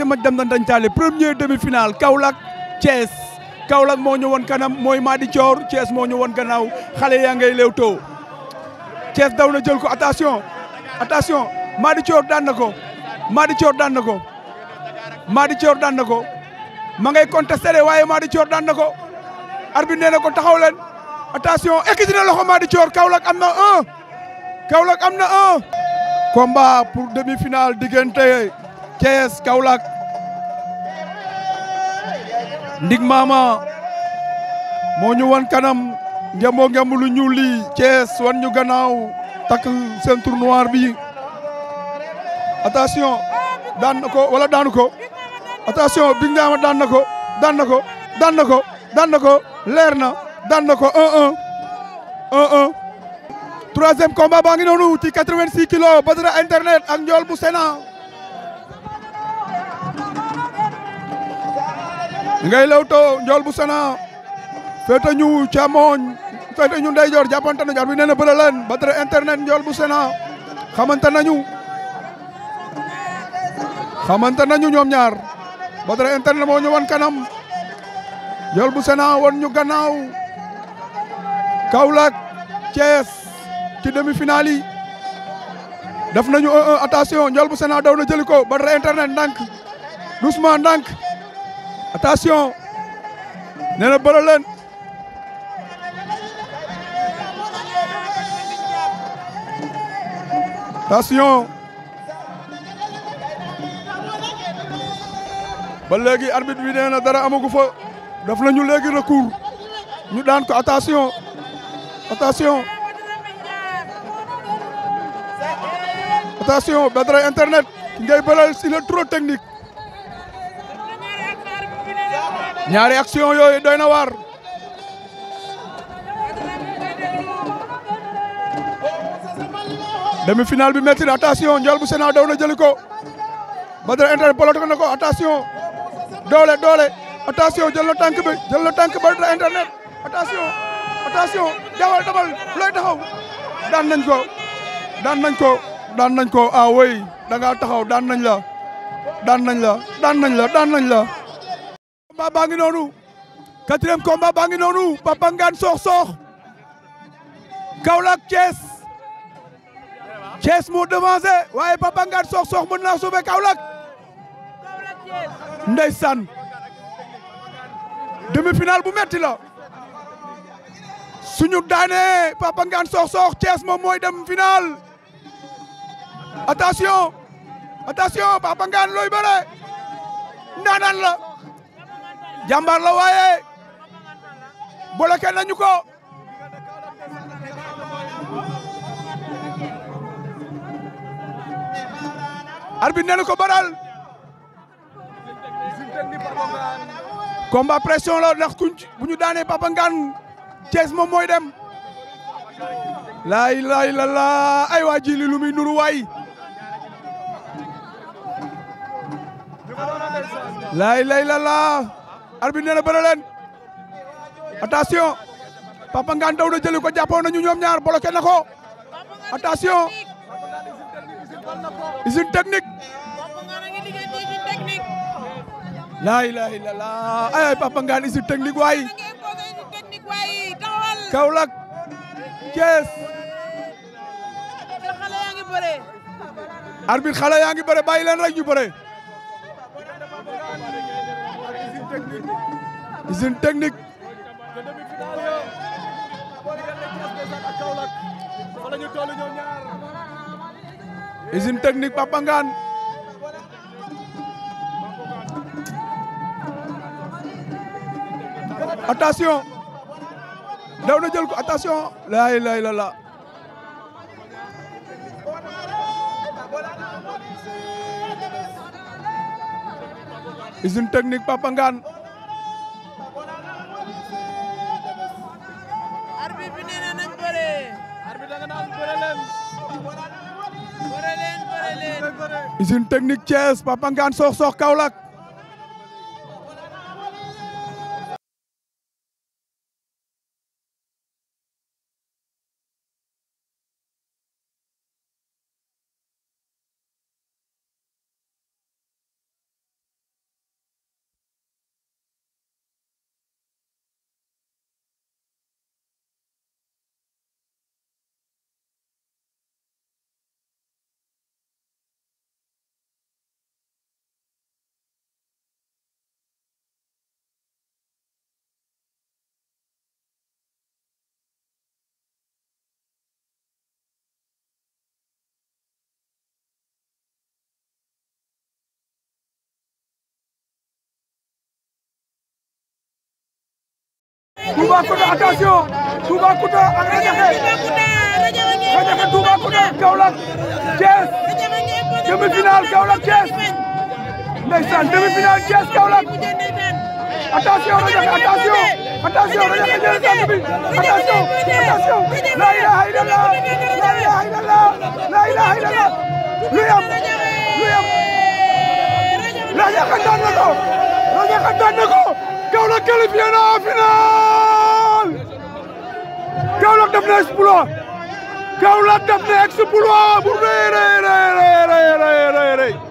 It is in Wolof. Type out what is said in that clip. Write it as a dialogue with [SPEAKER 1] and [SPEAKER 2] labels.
[SPEAKER 1] ñetti match dem nañ dañ taale premier demi-finale Kaolack Thiès Kaolack moo ñu kanam mooy Madi di Thiès moo ñu woon gannaaw xale yaa ngay Leewtoo Thiès daw na jël ko attention attention Madi Thior daan na ko Madi Thior daan na ko Madi Thior daan na ko ma ngay contesté de waaye Madi Thior daan na ko arbitre nee na ko taxaw leen attention ekkiti na loxo Madi Thior Kaolack am na un am na un combat pour demi-finale diggante Thiès Kaolack Ndig Mama moo ñu wan kanam ngemboo ngemb lu ñuul li Thiès wan ñu gannaaw takk ceinture noire bi attention daan na ko wala daanu ko attention Big Ndiama daan na ko daan na ko daan ko daan ko leer na daan ko 1-1 1-1 troisième combat baa ngi noonu ci 86 kilos Badara internet ak njool bu ngay lewtoo njool bu sana fete ñu càmmooñ fete ñu jor jàppante nañu jor bi neena ba tere internet njool bu sana xamanta nañu xamanta nañu ñom ñaar tere internet mo ñu wan kanam njool bu sana won ñu gannaaw kaulak ties ci demi-finale def nañu attention njool bu sana daw na ko tere internet dank doucement dank attention nee na bëre leen attention ba léegi arbitre bi nee na dara amagu fa daf la ñu léegi recours ñu daan ko attention attention attention Badara internet ki ngay bëral il est ñaari action yooyu doy na waar demi final bi metti na attention njool bu Sénat daw na jëli ko Badara internet na ko doole doole attention jël na tànk bi jël na tànk Badara internet attention attention dawal dawal looy taxaw daan nañ ko daan nañ ko daan nañ ko ah woy da taxaw daan nañ la daan nañ la daan nañ la daan nañ la combat baa ngi noonu quatrième combat baa ngi noonu Papa Ngane Sokh Sokh Kaolack Thiès Thiès moo devancé waaye Papa Ngane Sokh Sokh mën naa sauver Kaolack ndeysaan demi-finale bu metti la suñu daane Papa Ngane Sokh Sokh Thiès moom mooy dem finaal attention attention Papa looy bare ndaanaan la Jambar la waaye bloqué nañu ko arbitre nee na ko baral combat pression la nak kuñ buñu ñu Papa ngan ties mom moy dem la. ilaha illallah ay waji lu mi nuru way la ilaha illallah arbitre nee na bëre leen attention jëli ko jàppoon nañu ñoom ñaar bloqué na ko attention usine technique laa ilaaha illallaah ay Papa Ngane usine technique waay Kaolack Thiès arbitre xale yaa ngi bëre bàyyi leen rek usine technique. usine technique Papa Ngane. attention. na jël ko attention. laa ilaaha usine technique Papa Ngane. arbitre bi nee na nañ bëree. technique Thiès Papa Ngane Sokh Toubacouta attention Toubacouta ak Radiakhé Radiakhé Toubacouta Kaolack Thiès demi-finale Kaolack Thiès ndeysaan demi-finale Thiès Kaolack attention Radiakhé attention attention Radiakhé jël tànk bi attention attention la ilaha illallah la ilaha illallah la ilaha illallah lu yam lu yam Radiakhé daan na ko Radiakhé daan na ko Kaolack qualifié na en finale Kaolack def na exploit Kaolack def na exploit bu rëy rëy rëy rëy rëy